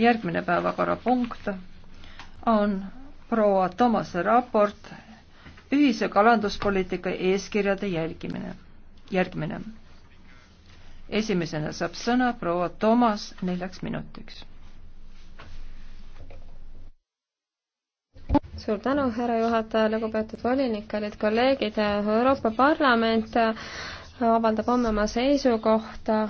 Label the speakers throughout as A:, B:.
A: järgmine päevakorrapunkt on proua Tomase raport ühise kalanduspoliitika eeskirjade jälgimine, järgmine. esimesena saab sõna proua Tomas neljaks minutiks.
B: suur tänu, härra juhataja, lugupeetud volinik, kallid kolleegid, Euroopa Parlament avaldab homme oma seisukohta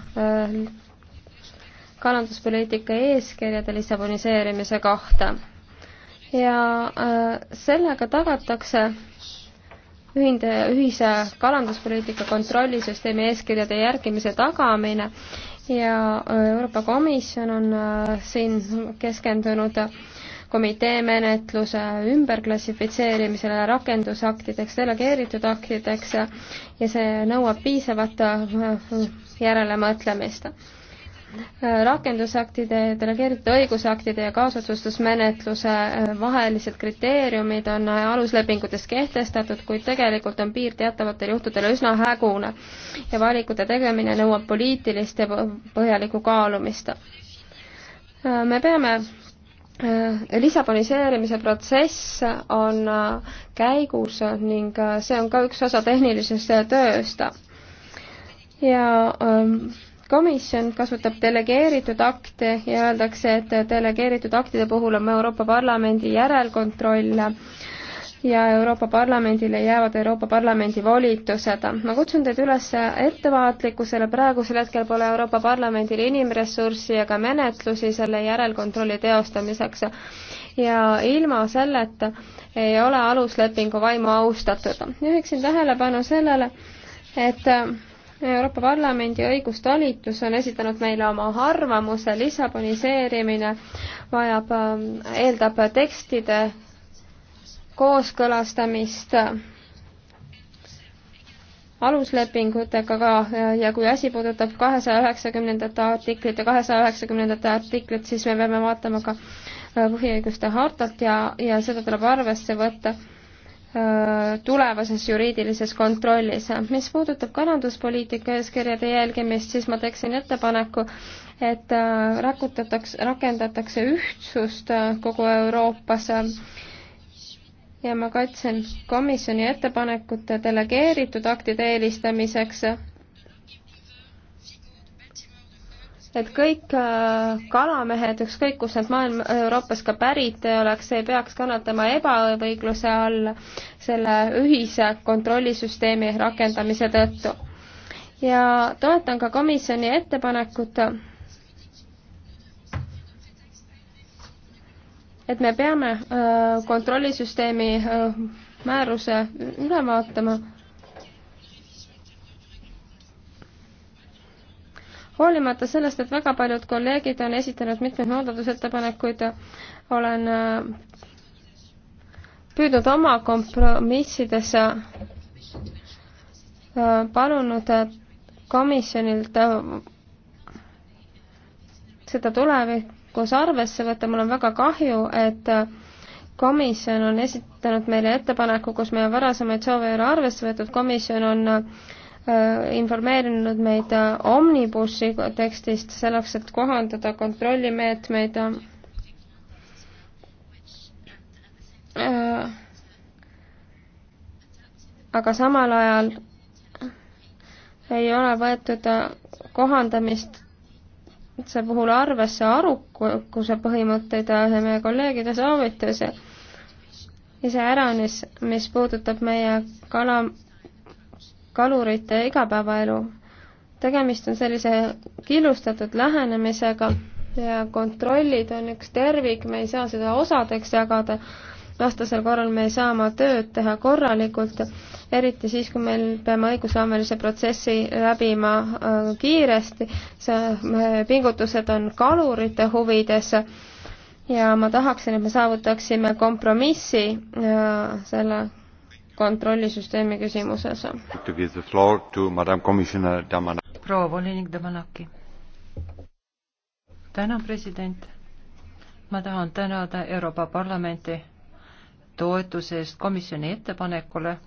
B: kalanduspoliitika eeskirjade lissaboniseerimise kohta. ja äh, sellega tagatakse ühinde, ühise kalanduspoliitika kontrollisüsteemi eeskirjade järgimise tagamine ja äh, Euroopa Komisjon on äh, siin keskendunud komitee menetluse ümberklassifitseerimisele rakendusaktideks, delegeeritud aktideks ja see nõuab piisavat järelemõtlemist rakendusaktide, delegeeritud õigusaktide ja kaasotsustusmenetluse eh, vahelised kriteeriumid on aluslepingutes kehtestatud, kuid tegelikult on piir teatavatel juhtudel üsna hägune ja valikute tegemine nõuab poliitilist ja põhjalikku kaalumist. Eh, me peame eh, Lissaboniseerimise protsess on käigus ning see on ka üks osa tehnilisest tööst ja ähm, komisjon kasutab delegeeritud akte ja öeldakse, et delegeeritud aktide puhul on Euroopa Parlamendi järelkontroll ja Euroopa Parlamendile jäävad Euroopa Parlamendi volitused. ma kutsun teid üles ettevaatlikkusele, praegusel hetkel pole Euroopa Parlamendil inimressurssi ega menetlusi selle järelkontrolli teostamiseks ja ilma selleta ei ole aluslepingu vaimu austatud. juhiksin tähelepanu sellele, et Euroopa Parlamendi õigustalitus on esitanud meile oma arvamuse, Lissaboniseerimine vajab, ähm, eeldab tekstide kooskõlastamist aluslepingutega ka ja kui asi puudutab kahesaja üheksakümnendate artiklit ja kahesaja üheksakümnendate artiklit, siis me peame vaatama ka äh, põhiõiguste hartat ja, ja seda tuleb arvesse võtta Äh, tulevases juriidilises kontrollis. mis puudutab kalanduspoliitika eeskirjade jälgimist, siis ma teeksin ettepaneku, et äh, rakutatakse, rakendatakse ühtsust äh, kogu Euroopas ja ma kaitsen komisjoni ettepanekut delegeeritud aktide eelistamiseks et kõik äh, kalamehed, ükskõik kus nad maailma, Euroopas ka pärit oleks, ei peaks kannatama ebaõigluse all selle ühise kontrollisüsteemi rakendamise tõttu. ja toetan ka komisjoni ettepanekut, et me peame äh, kontrollisüsteemi äh, määruse üle vaatama hoolimata sellest, et väga paljud kolleegid on esitanud mitmeid muudatusettepanekuid, olen äh, püüdnud oma kompromissides äh, palunud äh, komisjonilt seda tulevikus arvesse võtta, mul on väga kahju, et komisjon on esitanud meile ettepaneku, kus meie varasemaid soove ei ole arvesse võetud, komisjon on äh, Äh, informeerinud meid äh, Omnibussi tekstist selleks, et kohandada kontrollimeetmeid äh, aga samal ajal ei ole võetud kohandamist see puhul arvesse arukuse põhimõtteid ja meie kolleegide soovitusi. iseäranis, mis puudutab meie kala kalurite igapäevaelu. tegemist on sellise killustatud lähenemisega ja kontrollid on üks tervik, me ei saa seda osadeks jagada, vastasel korral me ei saa oma tööd teha korralikult, eriti siis, kui meil peame õigusloomelise protsessi läbima äh, kiiresti, see, äh, pingutused on kalurite huvides ja ma tahaksin, et me saavutaksime kompromissi äh, selle kontrollisüsteemi küsimuses.
A: proua volinik Damanaki. tänan, president. ma tahan tänada Euroopa Parlamenti toetuse eest komisjoni ettepanekule,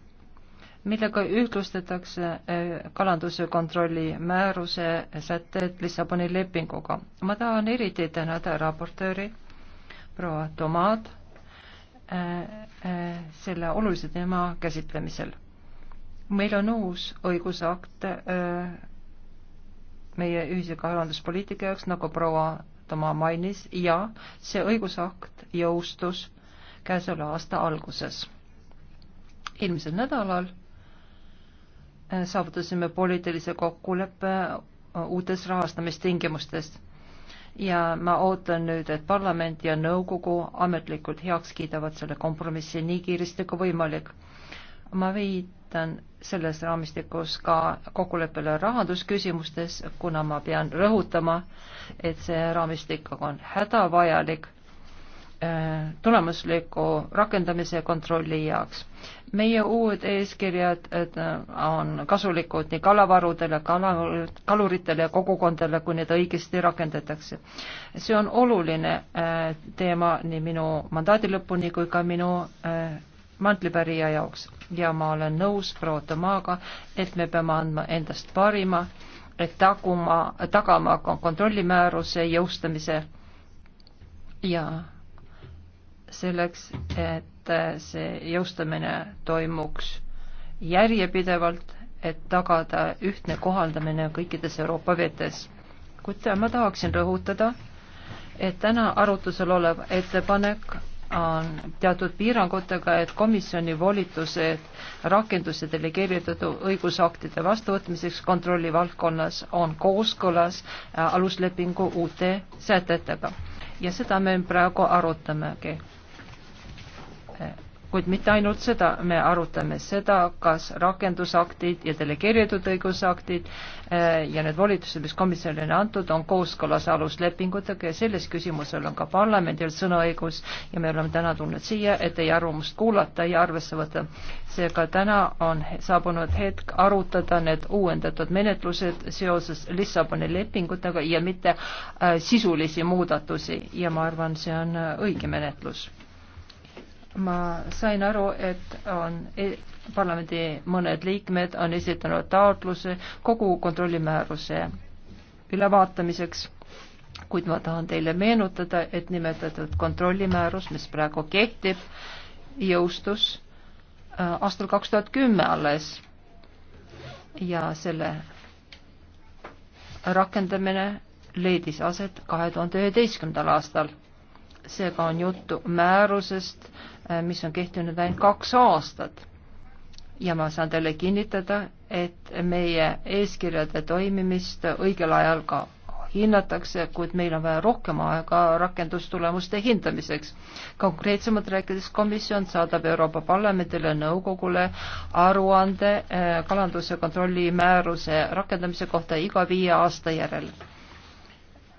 A: millega ühtlustatakse eh, kalanduse kontrolli määruse sätted Lissaboni lepinguga. ma tahan eriti tänada raportööri proua Tomaad Äh, äh, selle olulise teema käsitlemisel. meil on uus õigusakt äh, meie ühise kaevanduspoliitika jaoks, nagu proua Toma mainis, ja see õigusakt jõustus käesoleva aasta alguses. eelmisel nädalal saavutasime poliitilise kokkuleppe uutes rahastamistingimustes ja ma ootan nüüd, et parlament ja nõukogu ametlikult heaks kiidavad selle kompromissi nii kiiresti kui võimalik. ma viitan selles raamistikus ka kokkuleppele rahandusküsimustes, kuna ma pean rõhutama, et see raamistik on hädavajalik tulemusliku rakendamise kontrolli jaoks. meie uued eeskirjad äh, on kasulikud nii kalavarudele, kaluritele ja kogukondadele, kui need õigesti rakendatakse. see on oluline äh, teema nii minu mandaadi lõpuni kui ka minu äh, mantlipärija jaoks ja ma olen nõus proua Tomaaga, et me peame andma endast parima, et taguma, tagama kontrollimääruse jõustamise ja selleks, et see jõustamine toimuks järjepidevalt, et tagada ühtne kohaldamine kõikides Euroopa vetes. kuid ma tahaksin rõhutada, et täna arutusel olev ettepanek on teatud piirangutega, et komisjoni volitused rakenduse delegeeritud õigusaktide vastuvõtmiseks kontrolli valdkonnas on kooskõlas äh, aluslepingu uute sätetega ja seda me praegu arutamegi kuid mitte ainult seda, me arutame seda, kas rakendusaktid ja delegeeritud õigusaktid eh, ja need volitused, mis komisjonile antud, on kooskõlas aluslepingutega ja selles küsimusel on ka parlamendil sõnaõigus ja me oleme täna tulnud siia, et teie arvamust kuulata ja arvesse võtta. seega täna on saabunud hetk arutada need uuendatud menetlused seoses Lissaboni lepingutega ja mitte eh, sisulisi muudatusi ja ma arvan, see on õige menetlus ma sain aru, et on e-, parlamendi mõned liikmed on esitanud taotluse kogu kontrollimääruse ülevaatamiseks, kuid ma tahan teile meenutada, et nimetatud kontrollimäärus, mis praegu kehtib, jõustus äh, aastal kaks tuhat kümme alles ja selle rakendamine leidis aset kahe tuhande üheteistkümnendal aastal. seega on juttu määrusest äh, Äh, mis on kehtinud ainult kaks aastat. ja ma saan teile kinnitada, et meie eeskirjade toimimist õigel ajal ka hinnatakse, kuid meil on vaja rohkem aega rakendustulemuste hindamiseks. konkreetsemalt rääkides komisjon saadab Euroopa Parlamendile nõukogule aruande äh, kalanduse kontrolli määruse rakendamise kohta iga viie aasta järel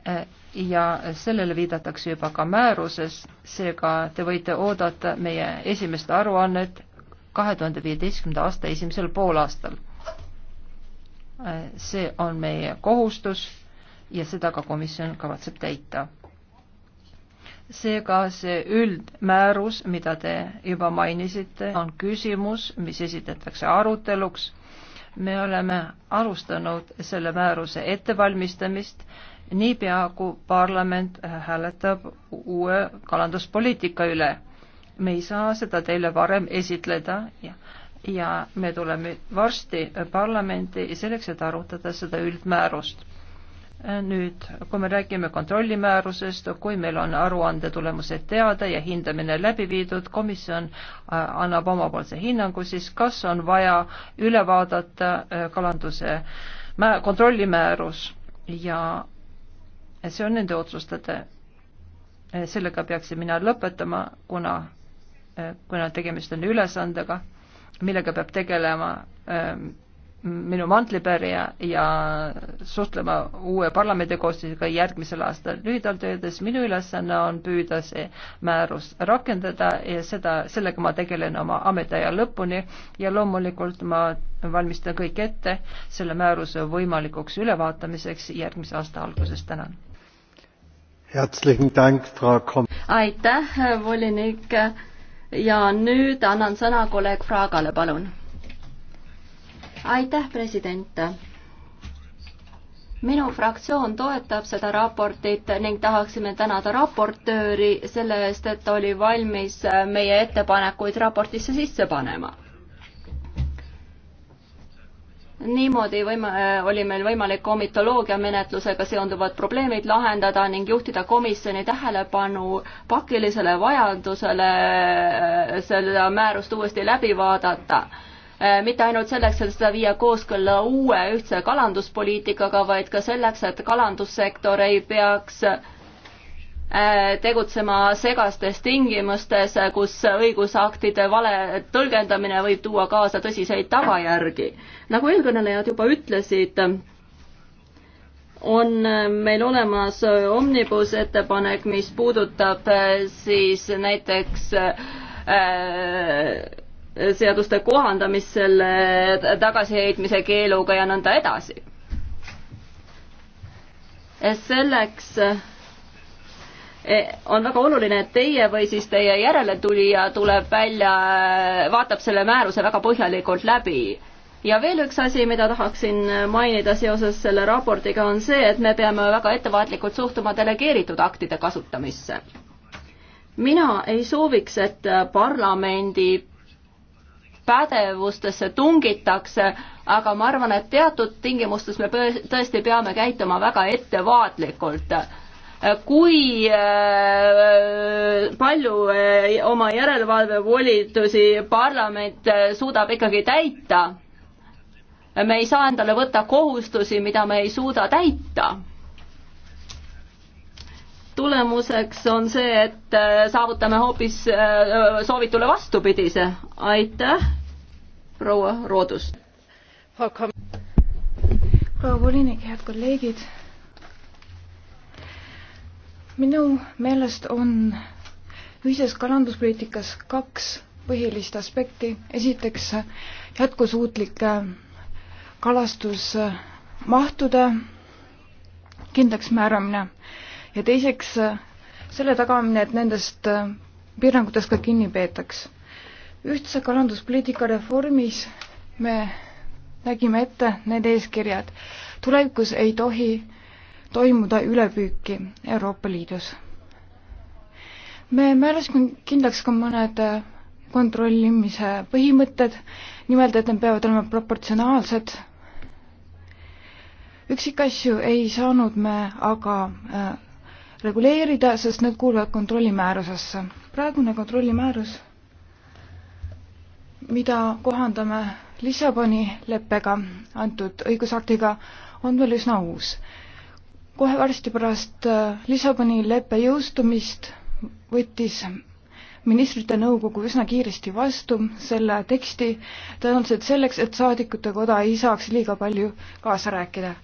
A: äh, ja sellele viidatakse juba ka määruses, seega te võite oodata meie esimest aruannet kahe tuhande viieteistkümnenda aasta esimesel poolaastal. see on meie kohustus ja seda ka komisjon kavatseb täita. seega see üldmäärus, mida te juba mainisite, on küsimus, mis esitatakse aruteluks. me oleme alustanud selle määruse ettevalmistamist niipea kui parlament äh, hääletab uue kalanduspoliitika üle. me ei saa seda teile varem esitleda ja, ja me tuleme varsti parlamenti selleks, et arutada seda üldmäärust. Äh, nüüd, kui me räägime kontrollimäärusest, kui meil on aruande tulemused teada ja hindamine läbi viidud, komisjon äh, annab omapoolse hinnangu, siis kas on vaja üle vaadata kalanduse kontrollimäärus ja see on nende otsustada. sellega peaksin mina lõpetama, kuna, äh, kuna tegemist on ülesandega, millega peab tegelema ähm, minu mantlipärija ja suhtlema uue parlamendikoosseisuga järgmisel aastal. lühidalt öeldes minu ülesanne on püüda see määrus rakendada ja seda, sellega ma tegelen oma ametiaja lõpuni ja loomulikult ma valmistan kõik ette selle määruse võimalikuks ülevaatamiseks järgmise aasta alguses. tänan
C: aitäh, volinik ja nüüd annan sõna kolleeg Fraagale, palun. aitäh, president minu fraktsioon toetab seda raportit ning tahaksime tänada raportööri selle eest, et oli valmis meie ettepanekuid raportisse sisse panema niimoodi võima, äh, oli meil võimalik komitoloogia menetlusega seonduvad probleemid lahendada ning juhtida komisjoni tähelepanu pakilisele vajadusele äh, seda määrust uuesti läbi vaadata. Äh, mitte ainult selleks, et seda viia kooskõlla uue ühtse kalanduspoliitikaga, vaid ka selleks, et kalandussektor ei peaks äh, Äh, tegutsema segastes tingimustes, kus õigusaktide vale tõlgendamine võib tuua kaasa tõsiseid tagajärgi. nagu eelkõnelejad juba ütlesid, on meil olemas omnibus ettepanek, mis puudutab äh, siis näiteks äh, seaduste kohandamist selle tagasiheitmise keeluga ja nõnda edasi. selleks Eh, on väga oluline, et teie või siis teie järeletulija tuleb välja, eh, vaatab selle määruse väga põhjalikult läbi. ja veel üks asi, mida tahaksin mainida seoses selle raportiga, on see, et me peame väga ettevaatlikult suhtuma delegeeritud aktide kasutamisse. mina ei sooviks, et parlamendi pädevustesse tungitakse, aga ma arvan, et teatud tingimustes me tõesti peame käituma väga ettevaatlikult kui äh, palju äh, oma järelevalvevolitusi parlament äh, suudab ikkagi täita. me ei saa endale võtta kohustusi, mida me ei suuda täita. tulemuseks on see, et saavutame hoopis soovitule vastupidise. aitäh, proua
D: Roodus. proua volinik, head kolleegid minu meelest on ühises kalanduspoliitikas kaks põhilist aspekti. esiteks jätkusuutlike äh, kalastusmahtude kindlaksmääramine ja teiseks äh, selle tagamine, et nendest äh, piirangutest ka kinni peetaks. ühtse kalanduspoliitika reformis me nägime ette need eeskirjad. tulevikus ei tohi äh, toimuda ülepüüki Euroopa Liidus. me määrasime kindlaks ka mõned äh, kontrollimise põhimõtted, nimelt et need peavad olema proportsionaalsed. üksikasju ei saanud me aga äh, reguleerida, sest need kuuluvad kontrollimäärusesse. praegune kontrollimäärus, mida kohandame Lissaboni leppega antud õigusaktiga, on veel üsna uus kohe varsti pärast äh, Lissaboni leppe jõustumist võttis ministrite nõukogu üsna kiiresti vastu selle teksti tõenäoliselt selleks, et saadikute koda ei saaks liiga palju kaasa rääkida.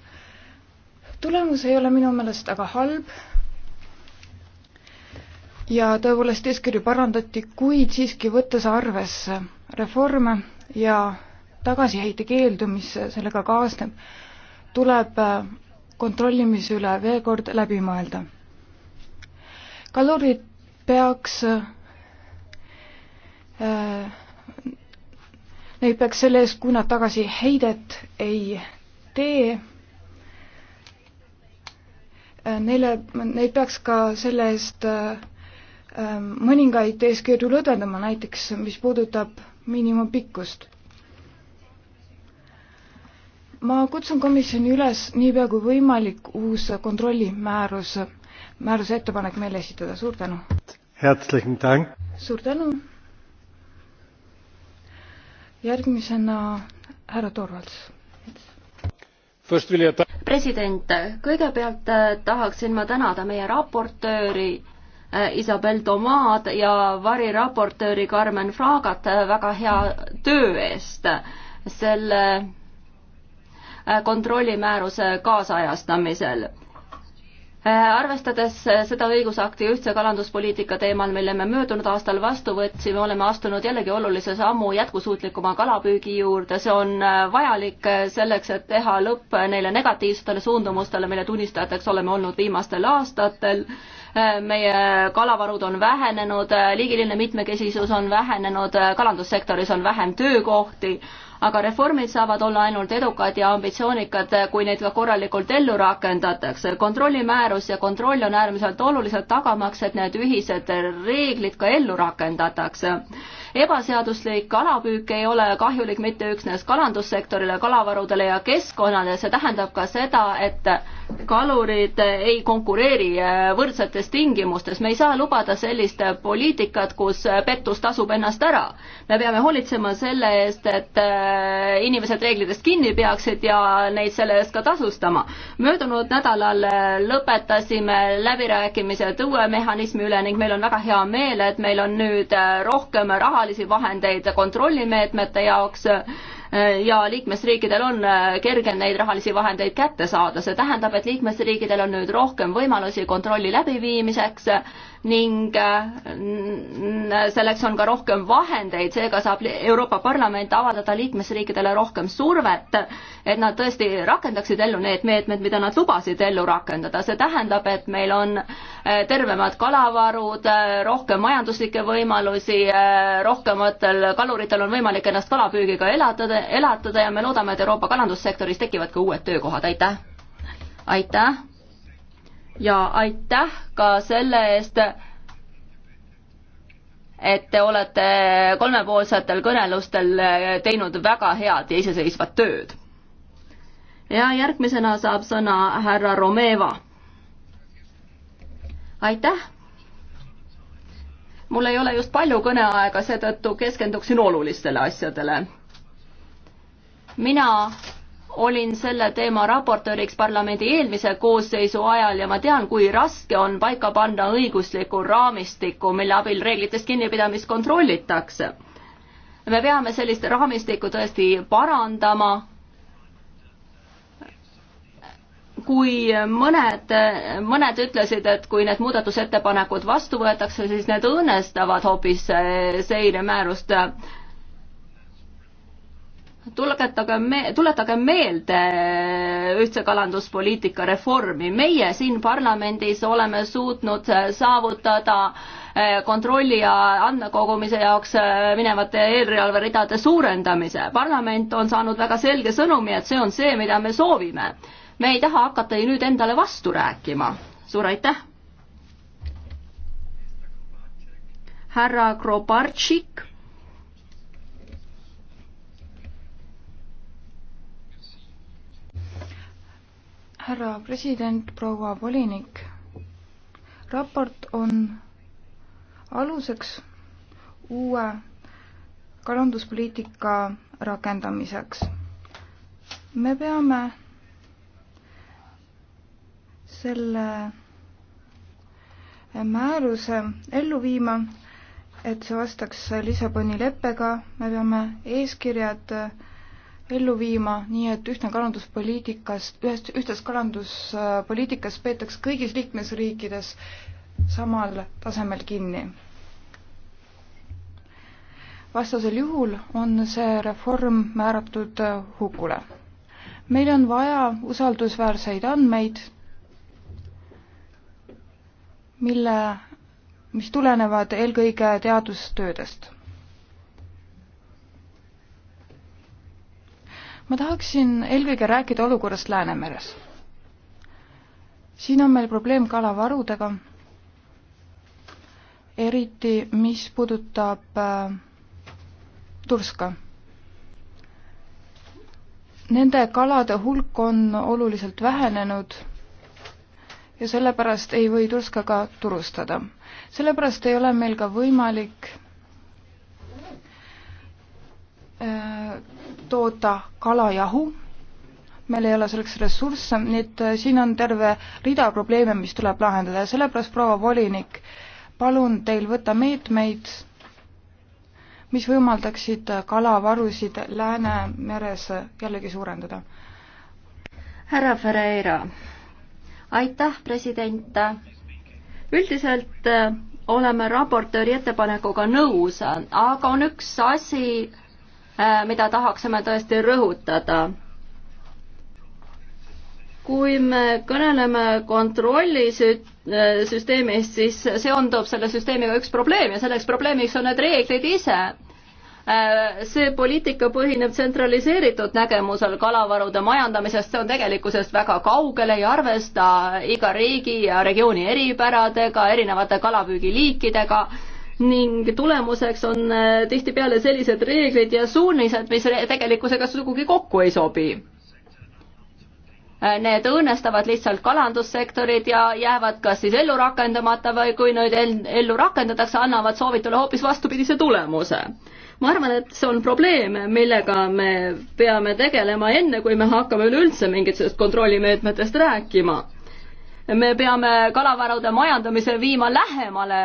D: tulemus ei ole minu meelest väga halb ja tõepoolest eeskirju parandati, kuid siiski võttes arvesse reforme ja tagasiheite keeldu, mis sellega kaasneb, tuleb äh, kontrollimise üle veel kord läbi mõelda. kalurid peaks äh, Neid peaks selle eest, kui nad tagasi heidet ei tee, äh, neile, neid peaks ka selle eest äh, mõningaid eeskirju lõdvendama, näiteks mis puudutab miinimumpikkust ma kutsun komisjoni üles niipea kui võimalik uus kontrollimäärus, määruse ettepanek meile esitada, suur tänu. suur tänu. järgmisena härra Torvalds. president, kõigepealt
C: äh, tahaksin ma tänada meie raportööri äh, Isabel Tomaad ja variraportööri Carmen Fragat äh, väga hea töö eest selle Äh, kontrollimääruse kaasajastamisel. Äh, arvestades äh, seda õigusakti ühtse kalanduspoliitika teemal, mille me möödunud aastal vastu võtsime, oleme astunud jällegi olulise sammu jätkusuutlikuma kalapüügi juurde, see on vajalik selleks, et teha lõpp neile negatiivsetele suundumustele, mille tunnistajateks oleme olnud viimastel aastatel meie kalavarud on vähenenud, liigiline mitmekesisus on vähenenud, kalandussektoris on vähem töökohti, aga reformid saavad olla ainult edukad ja ambitsioonikad, kui neid ka korralikult ellu rakendatakse. kontrollimäärus ja kontroll on äärmiselt olulised tagamaks, et need ühised reeglid ka ellu rakendatakse. ebaseaduslik kalapüük ei ole kahjulik mitte üksnes kalandussektorile, kalavarudele ja keskkonnale, see tähendab ka seda, et kalurid ei konkureeri äh, võrdsetes tingimustes, me ei saa lubada sellist äh, poliitikat, kus äh, pettus tasub ennast ära. me peame hoolitsema selle eest, et inimesed reeglitest kinni peaksid ja neid selle eest ka tasustama. möödunud nädalal lõpetasime läbirääkimised uue mehhanismi üle ning meil on väga hea meel, et meil on nüüd rohkem rahalisi vahendeid kontrollimeetmete jaoks ja liikmesriikidel on äh, kergem neid rahalisi vahendeid kätte saada. see tähendab, et liikmesriikidel on nüüd rohkem võimalusi kontrolli läbiviimiseks ning äh, selleks on ka rohkem vahendeid, seega saab Euroopa Parlament avaldada liikmesriikidele rohkem survet, et nad tõesti rakendaksid ellu need meetmed, mida nad lubasid ellu rakendada. see tähendab, et meil on äh, tervemad kalavarud, äh, rohkem majanduslikke võimalusi, rohkematel kaluritel on võimalik ennast kalapüügiga elatada, elatada ja me loodame, et Euroopa kalandussektoris tekivad ka uued töökohad, aitäh! aitäh! ja aitäh ka selle eest, et te olete kolmepoolsetel kõnelustel teinud väga head ja iseseisvat tööd. ja järgmisena saab sõna härra Romeva. aitäh! mul ei ole just palju kõneaega, seetõttu keskenduksin olulistele asjadele. mina olin selle teema raportööriks parlamendi eelmise koosseisu ajal ja ma tean, kui raske on paika panna õiguslikku raamistikku, mille abil reeglitest kinnipidamist kontrollitakse. me peame sellist raamistikku tõesti parandama. kui mõned, mõned ütlesid, et kui need muudatusettepanekud vastu võetakse, siis need õõnestavad hoopis seiremäärust tuletage me-, tuletage meelde äh, ühtse kalanduspoliitika reformi. meie siin parlamendis oleme suutnud äh, saavutada äh, kontrolli ja andmekogumise jaoks minevate eelarveridade suurendamise. parlament on saanud väga selge sõnumi, et see on see, mida me soovime. me ei taha hakata ju nüüd endale vastu rääkima. suur aitäh!
D: härra Krobartšik härra president, proua volinik. raport on aluseks uue kalanduspoliitika rakendamiseks. me peame selle määruse ellu viima, et see vastaks Lissaboni leppega, me peame eeskirjad äh, ellu viima, nii et ühtne kalanduspoliitikast, ühest, ühtses kalanduspoliitikas peetaks kõigis liikmesriikides samal tasemel kinni. vastasel juhul on see reform määratud hukule. meil on vaja usaldusväärseid andmeid, mille, mis tulenevad eelkõige teadustöödest ma tahaksin eelkõige rääkida olukorrast Läänemeres. siin on meil probleem kalavarudega, eriti mis puudutab äh, turska. Nende kalade hulk on oluliselt vähenenud ja sellepärast ei või turska ka turustada. sellepärast ei ole meil ka võimalik Äh, toota kalajahu, meil ei ole selleks ressursse, nii et äh, siin on terve rida probleeme, mis tuleb lahendada ja sellepärast, proua volinik, palun teil võtta meetmeid, mis võimaldaksid äh, kalavarusid Läänemeres jällegi suurendada. härra Ferreira,
C: aitäh, president. üldiselt oleme raportööri ettepanekuga nõus, aga on üks asi, Äh, mida tahaksime tõesti rõhutada kui me kõneleme kontrollisüsteemist, äh, siis seondub selle süsteemiga üks probleem ja selleks probleemiks on need reeglid ise. Äh, see poliitika põhineb tsentraliseeritud nägemusel kalavarude majandamisest, see on tegelikkusest väga kaugele, ei arvesta iga riigi ja regiooni eripäradega, erinevate kalapüügiliikidega ning tulemuseks on äh, tihtipeale sellised reeglid ja suunised, mis tegelikkusega sugugi kokku ei sobi. Äh, need õõnestavad lihtsalt kalandussektorid ja jäävad kas siis ellu rakendamata või kui neid ellu rakendatakse, annavad soovitule hoopis vastupidise tulemuse ma arvan, et see on probleem, millega me peame tegelema enne, kui me hakkame üleüldse mingitest kontrollimeetmetest rääkima me peame kalavarude majandamise viima lähemale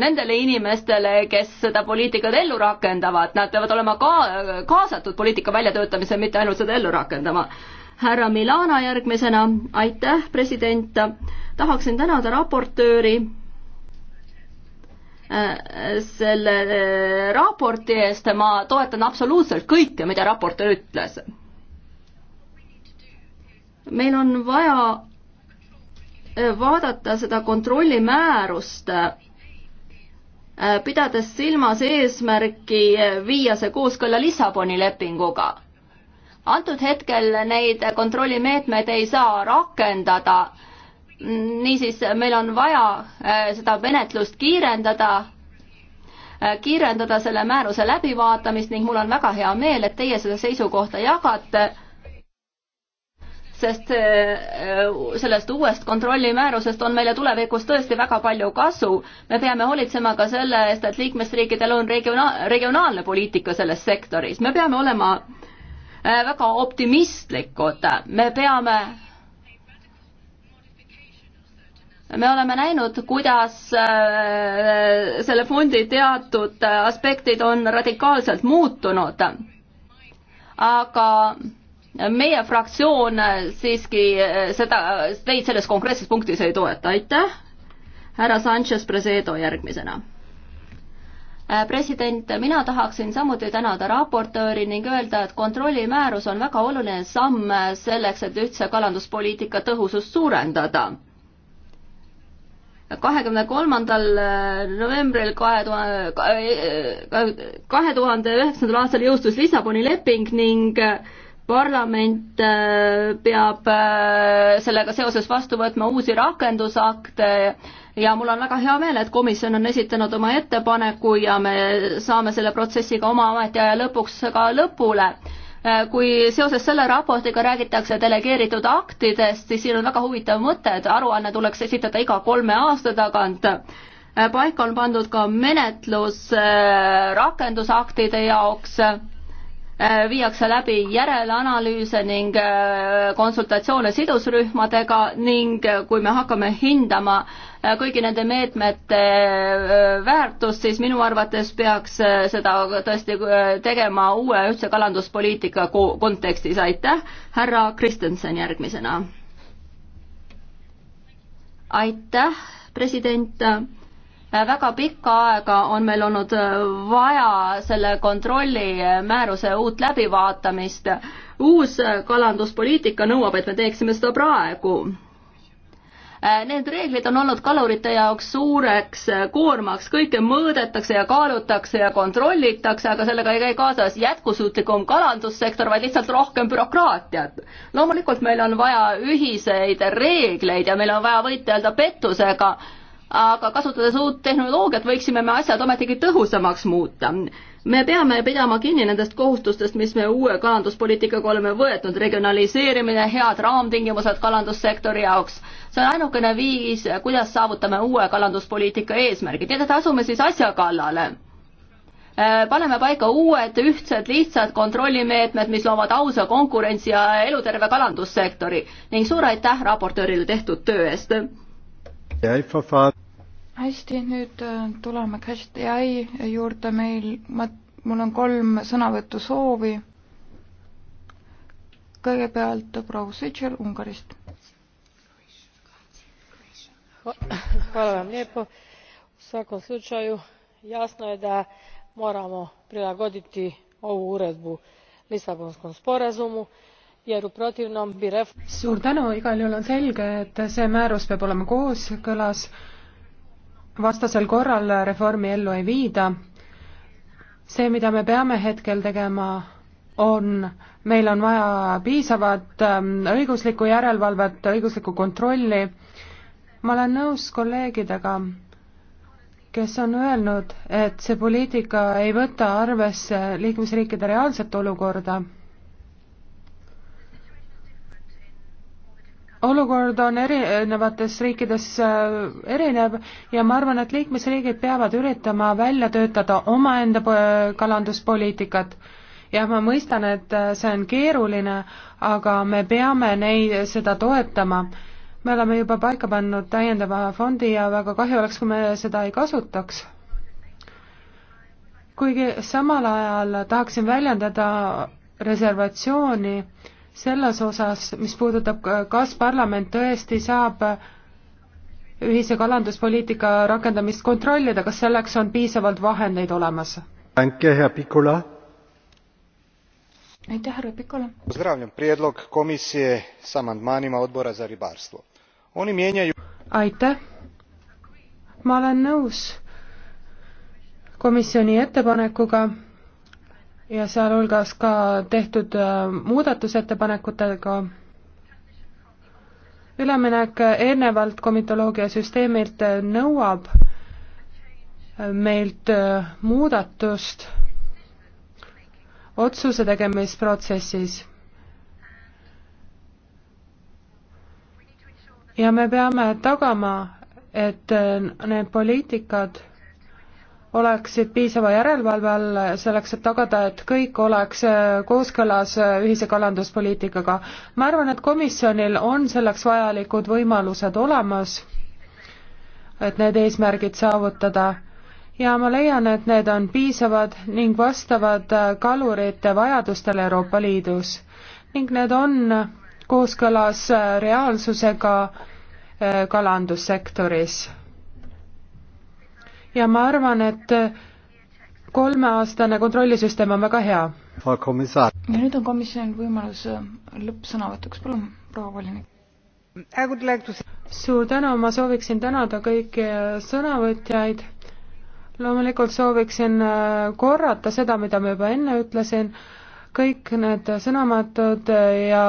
C: nendele inimestele, kes seda poliitikat ellu rakendavad, nad peavad olema ka kaasatud poliitika väljatöötamisse, mitte ainult seda ellu rakendama. härra Milana järgmisena, aitäh, president, tahaksin tänada raportööri äh, selle äh, raporti eest, ma toetan absoluutselt kõike, mida raportöör ütles. meil on vaja Äh, vaadata seda kontrollimäärust, äh, pidades silmas eesmärki äh, viia see kooskõlla Lissaboni lepinguga. antud hetkel neid kontrollimeetmeid ei saa rakendada, niisiis meil on vaja seda menetlust kiirendada, kiirendada selle määruse läbivaatamist ning mul on väga hea meel, et teie seda seisukohta jagate sest äh, sellest uuest kontrollimäärusest on meile tulevikus tõesti väga palju kasu. me peame hoolitsema ka selle eest, et liikmesriikidel on regionaal, regionaalne poliitika selles sektoris, me peame olema äh, väga optimistlikud, me peame me oleme näinud, kuidas äh, selle fondi teatud aspektid on radikaalselt muutunud. aga meie fraktsioon siiski eh, seda, teid selles konkreetses punktis ei toeta, aitäh. härra Sanchez Presedo järgmisena. Äh, president, mina tahaksin samuti tänada raportööri ning öelda, et kontrollimäärus on väga oluline samm selleks, et ühtse kalanduspoliitika tõhusust suurendada kahekümne kolmandal äh, novembril kahe tuhande, äh, kahe tuhande üheksandal aastal jõustus Lissaboni leping ning äh, parlament äh, peab äh, sellega seoses vastu võtma uusi rakendusakte ja mul on väga hea meel, et komisjon on esitanud oma ettepaneku ja me saame selle protsessiga oma ametiaja lõpuks ka lõpule. Äh, kui seoses selle raportiga räägitakse delegeeritud aktidest, siis siin on väga huvitav mõte, et aruanne tuleks esitada iga kolme aasta tagant paika on pandud ka menetlus rakendusaktide jaoks Äh, viiakse läbi järelanalüüse ning äh, konsultatsioone sidusrühmadega ning äh, kui me hakkame hindama kõigi nende meetmete väärtust, siis minu arvates peaks seda tõesti tegema uue ühtse kalanduspoliitika kontekstis, aitäh, härra Kristensen järgmisena. aitäh, president Äh, väga pikka aega on meil olnud äh, vaja selle kontrollimääruse äh, uut läbivaatamist. uus kalanduspoliitika nõuab, et me teeksime seda praegu need reeglid on olnud kalurite jaoks suureks koormaks, kõike mõõdetakse ja kaalutakse ja kontrollitakse, aga sellega ei käi kaasas jätkusuutlikum kalandussektor, vaid lihtsalt rohkem bürokraatiat. loomulikult meil on vaja ühiseid reegleid ja meil on vaja võitelda pettusega aga kasutades uut tehnoloogiat, võiksime me asjad ometigi tõhusamaks muuta. me peame pidama kinni nendest kohustustest, mis me uue kalanduspoliitikaga oleme võetnud, regionaliseerimine, head raamtingimused kalandussektori jaoks, see on ainukene viis, kuidas saavutame uue kalanduspoliitika eesmärgid, nii et asume siis asja kallale äh, paneme paika uued ühtsed lihtsad kontrollimeetmed, mis loovad ausa konkurentsi ja eluterve kalandussektori ning suur aitäh raportöörile tehtud töö
B: eest
D: hästi, nüüd äh, tuleme Cash DI juurde, meil, ma, mul on kolm sõnavõtusoovi. kõigepealt proua Sütšel Ungarist u svakom slučaju jasno je da moramo prilagoditi ovu uredbu lisabonskom sporazumu jer u protivnom bi
E: suur tänu, igal juhul on selge, et see määrus peab olema kooskõlas, vastasel korral reformi ellu ei viida. see, mida me peame hetkel tegema, on, meil on vaja piisavat ähm, õiguslikku järelevalvet, õiguslikku kontrolli, ma olen nõus kolleegidega, kes on öelnud, et see poliitika ei võta arvesse liikmesriikide reaalset olukorda olukord on erinevates riikides äh, erinev ja ma arvan, et liikmesriigid peavad üritama välja töötada omaenda kalanduspoliitikat. jah, ma mõistan, et äh, see on keeruline, aga me peame neid, äh, seda toetama. me oleme juba paika pannud täiendava fondi ja väga kahju oleks, kui me seda ei kasutaks. kuigi samal ajal tahaksin väljendada reservatsiooni äh, selles osas, mis puudutab, kas parlament tõesti saab ühise kalanduspoliitika rakendamist kontrollida, kas selleks on piisavalt vahendeid olemas?
B: aitäh,
D: härra Pikola! pozdravljam prijedlog komisije s amandmanima odbora za ribarstvo. Oni mijenjaju
E: aitäh! ma olen nõus komisjoni ettepanekuga ja sealhulgas ka tehtud äh, muudatusettepanekutega üleminek eelnevalt komitoloogia süsteemilt nõuab meilt äh, muudatust otsuse tegemisprotsessis. ja me peame tagama, et äh, need poliitikad oleksid piisava järelevalve all selleks, et tagada, et kõik oleks kooskõlas ühise kalanduspoliitikaga. ma arvan, et komisjonil on selleks vajalikud võimalused olemas, et need eesmärgid saavutada ja ma leian, et need on piisavad ning vastavad kalurite vajadustele Euroopa Liidus ning need on kooskõlas reaalsusega eh, kalandussektoris ja ma arvan, et
D: kolmeaastane kontrollisüsteem on väga hea.
B: ja
D: nüüd on komisjonil võimalus lõppsõnavõtuks, palun, proua volinik. suur
E: tänu, ma sooviksin tänada kõiki sõnavõtjaid. loomulikult sooviksin äh, korrata seda, mida ma juba enne ütlesin, kõik need sõnavõtud äh, ja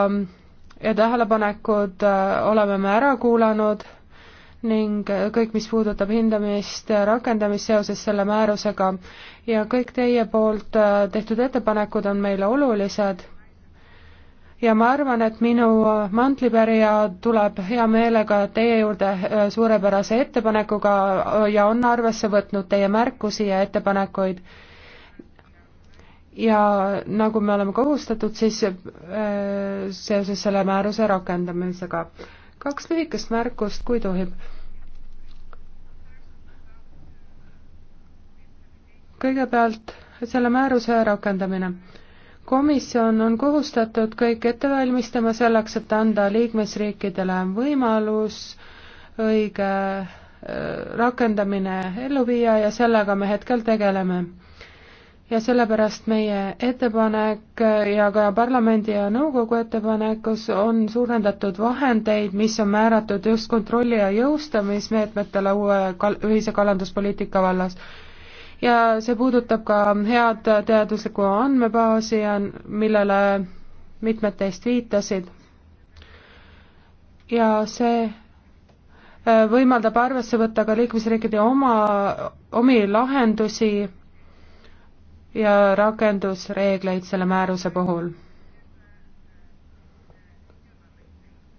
E: ja tähelepanekud äh, oleme me ära kuulanud ning kõik, mis puudutab hindamist, rakendamist seoses selle määrusega ja kõik teie poolt äh, tehtud ettepanekud on meile olulised. ja ma arvan, et minu äh, mantlipärija tuleb hea meelega teie juurde äh, suurepärase ettepanekuga ja on arvesse võtnud teie märkusi ja ettepanekuid ja nagu me oleme kohustatud, siis seoses selle määruse rakendamisega. kaks lühikest märkust, kui tohib kõigepealt selle määruse rakendamine. komisjon on kohustatud kõik ette valmistama selleks, et anda liikmesriikidele võimalus õige äh, rakendamine ellu viia ja sellega me hetkel tegeleme. ja sellepärast meie ettepanek ja ka parlamendi ja nõukogu ettepanekus on suurendatud vahendeid, mis on määratud just kontrolli- ja jõustamismeetmetele uue kal-, ühise kalanduspoliitika vallas ja see puudutab ka head teaduslikku andmebaasi ja millele mitmed teist viitasid. ja see äh, võimaldab arvesse võtta ka liikmesriikide oma, omi lahendusi ja rakendusreegleid selle määruse puhul.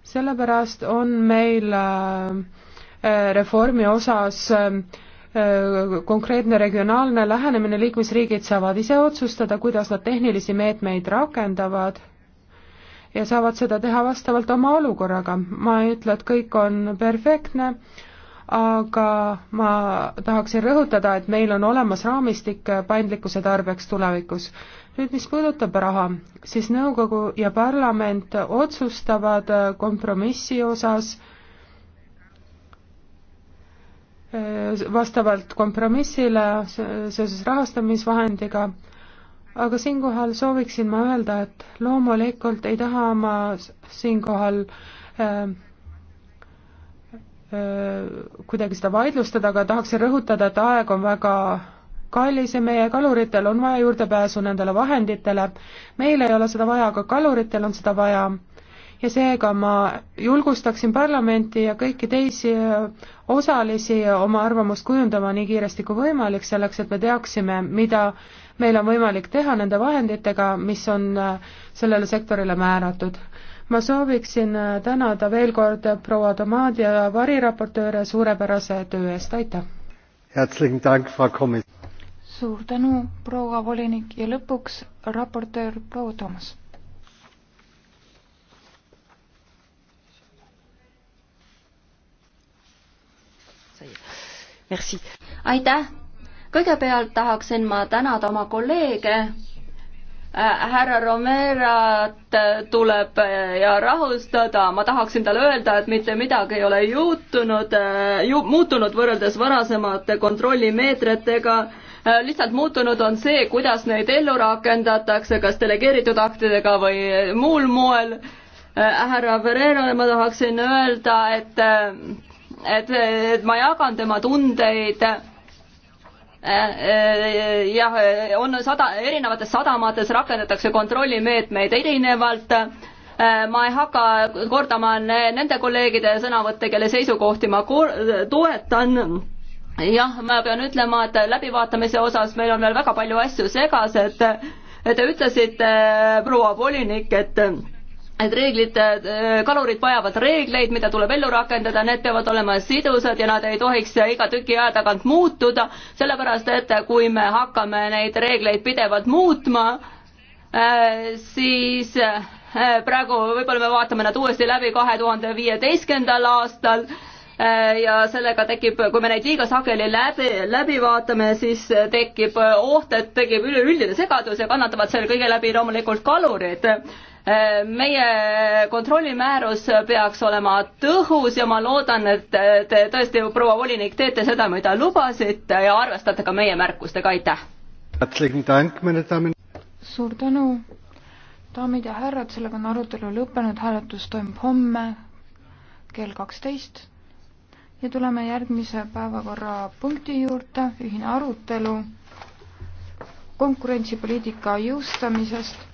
E: sellepärast on meil äh, äh, reformi osas äh, konkreetne regionaalne lähenemine, liikmesriigid saavad ise otsustada, kuidas nad tehnilisi meetmeid rakendavad ja saavad seda teha vastavalt oma olukorraga. ma ei ütle, et kõik on perfektne, aga ma tahaksin rõhutada, et meil on olemas raamistik paindlikkuse tarbeks tulevikus. nüüd, mis puudutab raha, siis nõukogu ja parlament otsustavad kompromissi osas, Äh, vastavalt kompromissile seoses rahastamisvahendiga, aga siinkohal sooviksin ma öelda, et loomulikult ei taha ma siinkohal äh, äh, kuidagi seda vaidlustada, aga tahaksin rõhutada, et aeg on väga kallis ja meie kaluritel on vaja juurdepääsu nendele vahenditele. meil ei ole seda vaja, aga kaluritel on seda vaja ja seega ma julgustaksin parlamenti ja kõiki teisi äh, osalisi äh, oma arvamust kujundama nii kiiresti kui võimalik, selleks et me teaksime, mida meil on võimalik teha nende vahenditega, mis on äh, sellele sektorile määratud. ma sooviksin tänada veel kord proua Tomad ja
D: variraportööre suurepärase töö eest, aitäh! suur tänu, proua volinik ja lõpuks raportöör proua Toomas
C: aitäh! kõigepealt tahaksin ma tänada oma kolleege, äh, härra Romerat äh, tuleb äh, ja rahustada, ma tahaksin talle öelda, et mitte midagi ei ole juhtunud ju,, muutunud võrreldes varasemate kontrollimeetritega lihtsalt muutunud on see, kuidas neid ellu rakendatakse, kas delegeeritud aktidega või muul moel. härra Ferreira, ma tahaksin öelda, et et, et ma jagan tema tundeid jah, on sada, erinevates sadamates rakendatakse kontrollimeetmeid erinevalt. ma ei hakka kordama nende kolleegide sõnavõtte, kelle seisukohti ma toetan. jah, ma pean ütlema, et läbivaatamise osas meil on veel väga palju asju segas, et te ütlesite, proua volinik, et et reeglid, äh, kalurid vajavad reegleid, mida tuleb ellu rakendada, need peavad olema sidusad ja nad ei tohiks iga tüki aja tagant muutuda, sellepärast et kui me hakkame neid reegleid pidevalt muutma, äh, siis äh, praegu võib-olla me vaatame nad uuesti läbi kahe tuhande viieteistkümnendal aastal ja sellega tekib, kui me neid liiga sageli läbi, läbi vaatame, siis tekib oht, et tekib üleüldine segadus ja kannatavad seal kõige läbi loomulikult kalurid meie kontrollimäärus peaks olema tõhus ja ma loodan, et te tõesti, proua volinik, teete seda, mida lubasite ja arvestate ka meie märkustega, aitäh!
D: suur tänu, daamid ja härrad, sellega on arutelu lõppenud, hääletus toimub homme kell kaksteist ja tuleme järgmise päevakorrapunkti juurde, ühine arutelu konkurentsipoliitika jõustamisest